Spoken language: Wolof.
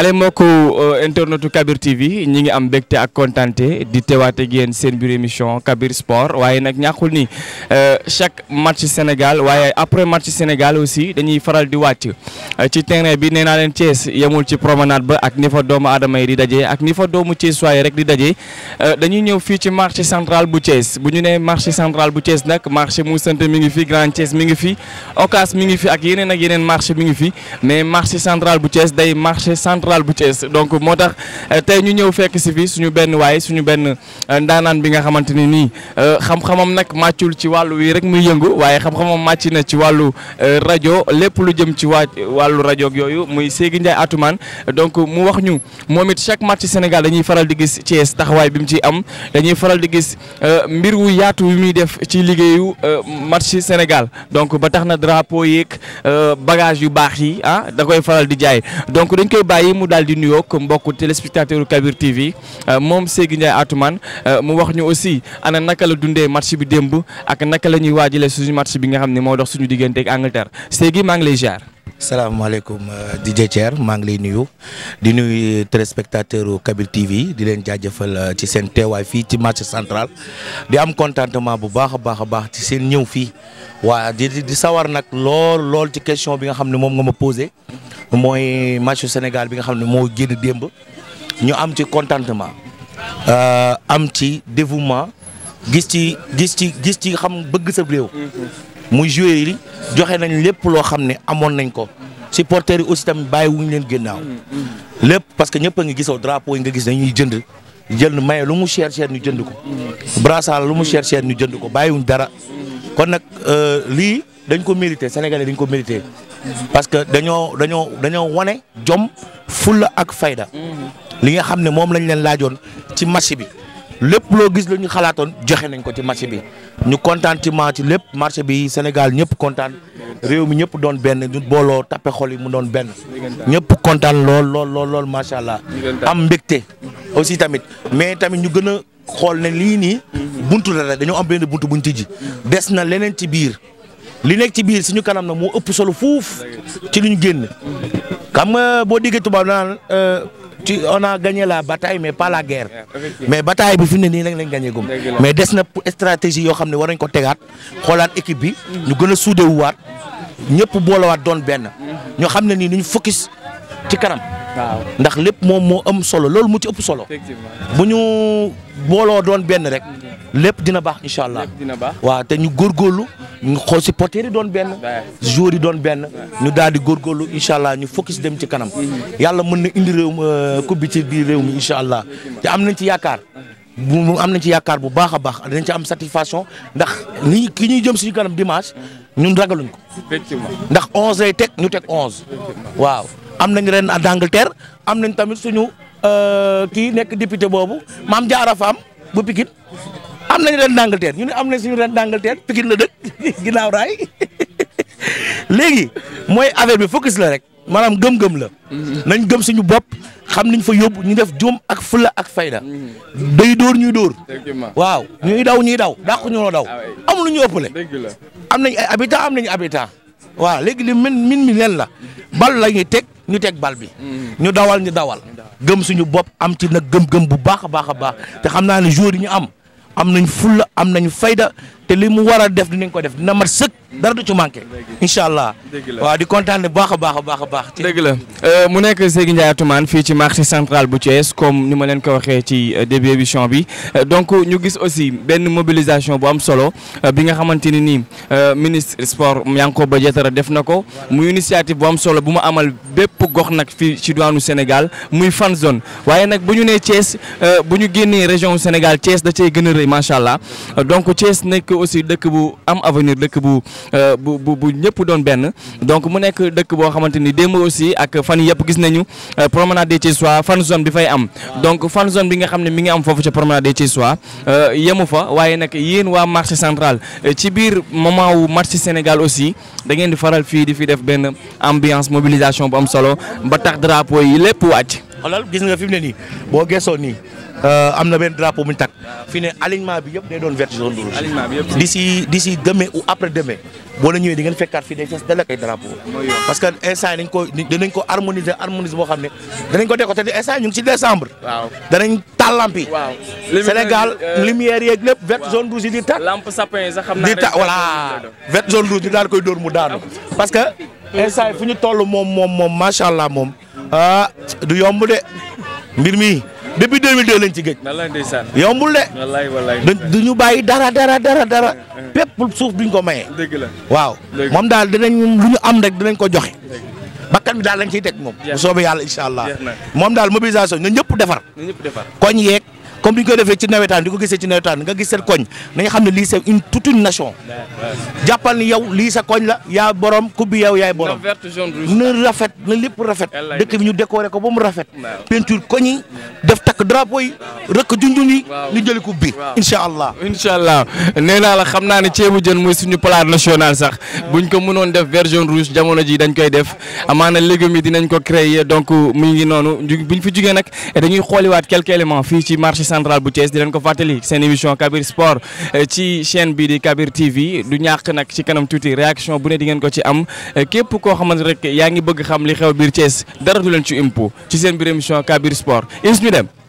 ale mbokku euh, internetu Kabir TV ñi ngi am mbégte ak kontante di teewaate ak yéen seen biir émission Kabir Sport waaye nag ñàkkul ni euh, chaque match Sénégal waaye après match Sénégal aussi dañuy faral di wàcc euh, ci terrain bi nee naa leen Thiès yemul ci promenade ba ak ni fa doomu aadama yi di daje ak ni fa doomu Thiès waaye rek di daje dañuy ñëw fii ci marché centrale bu Thiès bu ñu nee marché central bu Thiès nag marché mu sant mi ngi fi Grand Thiès mi ngi fi Ocas ngi fi ak yeneen ak yeneen marché bu Thiès day centrale bu Thiès donc moo tax euh, tey ñu ñëw fekk si fi suñu benn waaye suñu benn euh, ndaanaan bi nga xamante ni nii euh, xam-xamam nag màccul ci wàllu wii rek muy yëngu waaye xam-xamam màcc na ci wàllu rajo lépp lu jëm ci waa wàllu rajo yooyu muy Ségi Ndiaye Atoumane donc mu wax ñu moom it chaque match Sénégal dañuy faral di gis Thiès taxawaay bi mu ciy am dañuy faral di gis mbir wu yaatu muy def ci liggéeyu match Sénégal donc ba tax na drapeau yeeg bagage yu baax yi ah da koy faral di jaay mu daal di nuyoo mbokku téléspectateur Kabir TV euh, moom Seydi Ndiaye Atoumane euh, mu wax ñu aussi ana naka la dundee match bi démb ak naka la ñuy waajalee suñu match bi nga xam ne moo dox suñu diggante ak Angleterre Seydi maa ngi lay ziar. salaamaaleykum euh, DJ Thier maa ngi lay nuyu di nuyu téléspectateur Kabir TV di leen jaajëfal ci seen teewaay fii ci marché central di am contentement bu baax a baax a baax ci seen ñëw fii waa di di sawar nag lool lool ci question bi nga xam ne moom nga ma posé. mooy matchu Sénégal bi nga xam ne moo génn démb ñu am ci contentement euh, am ci dévouement gis ci gis ci gis xam bëgg sa réew. muy joué joxe nañ lépp loo xam ne amoon nañ ko. supporters yi aussi tamit bàyyi wuñ leen génnaaw. lépp parce que ñëpp nga ngi gisoo drapeau yi nga gis dañuy jënd jënd maye lu mu cher cher ñu jënd ko. brassard lu mu cher cher ñu jënd ko bàyyiwuñ dara kon nag euh, lii. dañ ko mérité sénégale dañ ko mérité parce que dañoo dañoo dañoo wane jom fulla ak fayda mhm. li nga xam ne moom lañ leen laajoon ci marché bi lépp loo gis la ñu xalaatoon joxe nañ ko ci marché bi ñu contentement ci lépp marché bi Sénégal ñëpp kontaan réew mi ñëpp doon benn ñu booloo tappe xol yi mu doon benn ñëpp kontaan lool lool lool macha allah am mbégte aussi tamit mais tamit ñu gën a xool ne lii nii mhm. bunt la rek dañoo am benn buntu buñ tijji des na leneen ci biir li nekk ci biir suñu kanam na moo ëpp solo fuuf ci lu ñu génn xam nga boo déggee tubaab naan euh, ci on a gagné la mais pas la guerre mais bataille bi fi mu ne nii nag lañ gagné gum mais des na stratégie yoo xam ne war nañ ko tegaat xoolaat équipe bi ñu gën a soudé wuwaat ñëpp boolawaat doon benn ñoo xam ne nii ñu focus ci kanam. ndax lépp moom moo am solo loolu mu ci ëpp solo. bu ñu booloo doon benn rek. lépp dina baax incha allah waaw te ñu góor góorlu xool si porteur doon benn joueur yi doon benn ñu daal di góorlu incha allah ñu fokki si dem ci kanam mm-hmm. yàlla mën na indi réew euh, coupe bi ci biir réew mi incha allah te am nañ ci yaakaar bu am nañ ci yaakaar bu baax a baax dinañ ci am satisfaction ndax ni ki ñuy jëm suñu kanam dimanche ñun ragaluñ ko ndax onze lay teg ñu teg onze am nañ ren à Angleterre am nañ tamit suñu euh, kii nekk député boobu maam Diarra Fam bu Pikine am nañ ren d'Angleterre ñu ne am nañ suñu ren d'Angleterre Pikine la dëkk ginnaaw raay léegi mooy affaire bi focus la rek maanaam gëm-gëm la. nañ gëm suñu bopp xam nañu fa yóbbu ñu def jom ak fulla ak fayda. day door ñuy dóor. waaw ñuy daw ñuy daw dàq ñoo daw. Ah amul lu ñu ëppale. am nañ ay habitants am nañu habitants. waaw léegi li min min mi leen la bal la ñuy teg. ñu teg bal bi. Mm-hmm. ñu dawal ñu dawal. gëm suñu bopp am ci nag gëm-gëm bu baax a baax a baax te xam naa ne joueurs yi am am nañ fulla am nañ fayda te li mu war a def dinañ ko def dina mat sëkk dara du ci manqué allah waaw di kontaan baax a baax a baax a baax dëgg euh, mu nekk Seydi Ndiaye Atoumane fii ci marché central bu Thiès comme ni ma leen ko waxee ci euh, début émission bi euh, donc ñu gis aussi benn mobilisation bu am solo bi nga xamante ni nii ministre sport ba Diattara def na ko mu initiative bu am solo bu mu amal bépp gox nag fii ci diwaanu Sénégal muy fan zone waaye nag bu ñu nee Thiès bu ñu génnee région Sénégal Thiès da cay gën a rëy macha allah aussi dëkk bu am avenir dëkk bu euh, bu bu bu ñëpp doon benn donc mu nekk dëkk boo xamante ni démb aussi ak fan yëpp gis nañu euh, promenade des Thiessois fan zone bi fay am donc fan zone bi nga xam ne mi ngi am foofu ca promenade des Thiessois euh, yemu fa waaye nag yéen waa marché central ci biir moment wu marché Sénégal aussi da ngeen di faral fii di fi def benn ambiance mobilisation bu am solo ba tax drapeau yi lépp wàcc xoolal gis nga fi mu ne nii boo gëstoo nii euh, am na benn drapeau bu ñu takk fi ne bi yëpp day doon vert jaune rouge. alignement bi yëpp d'ici d'ici demain ou après di ngeen fekkaat fii day fees dalal ay drapeau. parce que instant dañ ko danañ ko harmoniser harmoniser boo xam ne danañ ko décoté te instant ñu ngi ci décembre. waaw taal lampi. Sénégal euh, lumière yeeg lépp vert jaune rouge yi di tàkk. lampe sapin yi sax xam naa di tàkk voilà vert jaune rouge ñu daal koy dóor mu daanu. Ah. parce que instant fu ñu toll moom moom moom macha allah moom. ah du yomb de mbir mi depuis 2002 lañ ci géej. wallaay ndeysaan yombul de. wallaay wallaay du ñu bàyyi dara dara dara dara. pépp eh, eh. suuf bi ko mayee. dëgg la waaw. moom daal dinañ lu ñu am rek dinañ ko joxe. bakkan bi daal lañ ciy teg moom. bu soobee yàlla incha allah. moom daal mobilisation ñun ñëpp defar. ñun ñëpp defar koñ yeeg. comme ni ñu koy defee ci nawetaan di ko gisee ci nawetaan nga gis seen koñ nañu xam ne lii une toute une nation jàppal ni yow lii sa koñ la yaa borom ku bi yow yaay borom na rafet na lépp rafet dëkk bi ñu décorer ko ba mu rafet peinture koñ yi def takk drapeau yi rëkk junjun yi ñu jëli coupe bi incha allah incha allah nee naa la xam naa ne ceebu jën mooy suñu plat national sax buñ ko mënoon def version rouge jamono ji dañ koy def amaana légumes yi dinañ ko créer donc mu ngi noonu buñ fi jugee nag dañuy xooliwaat quelques éléments fii ci marché centrale bu Thiès di leen ko fàttali seen émission Kabir Sport eh, ci chaîne bi di Kabir TV du ñàkk nag ci kanam tuuti réaction bu ne di ngeen ko ci am eh, képp koo xamante rek yaa ngi bëgg xam li xew biir Thiès dara du leen ci impo ci seen biir émission Kabir Sport is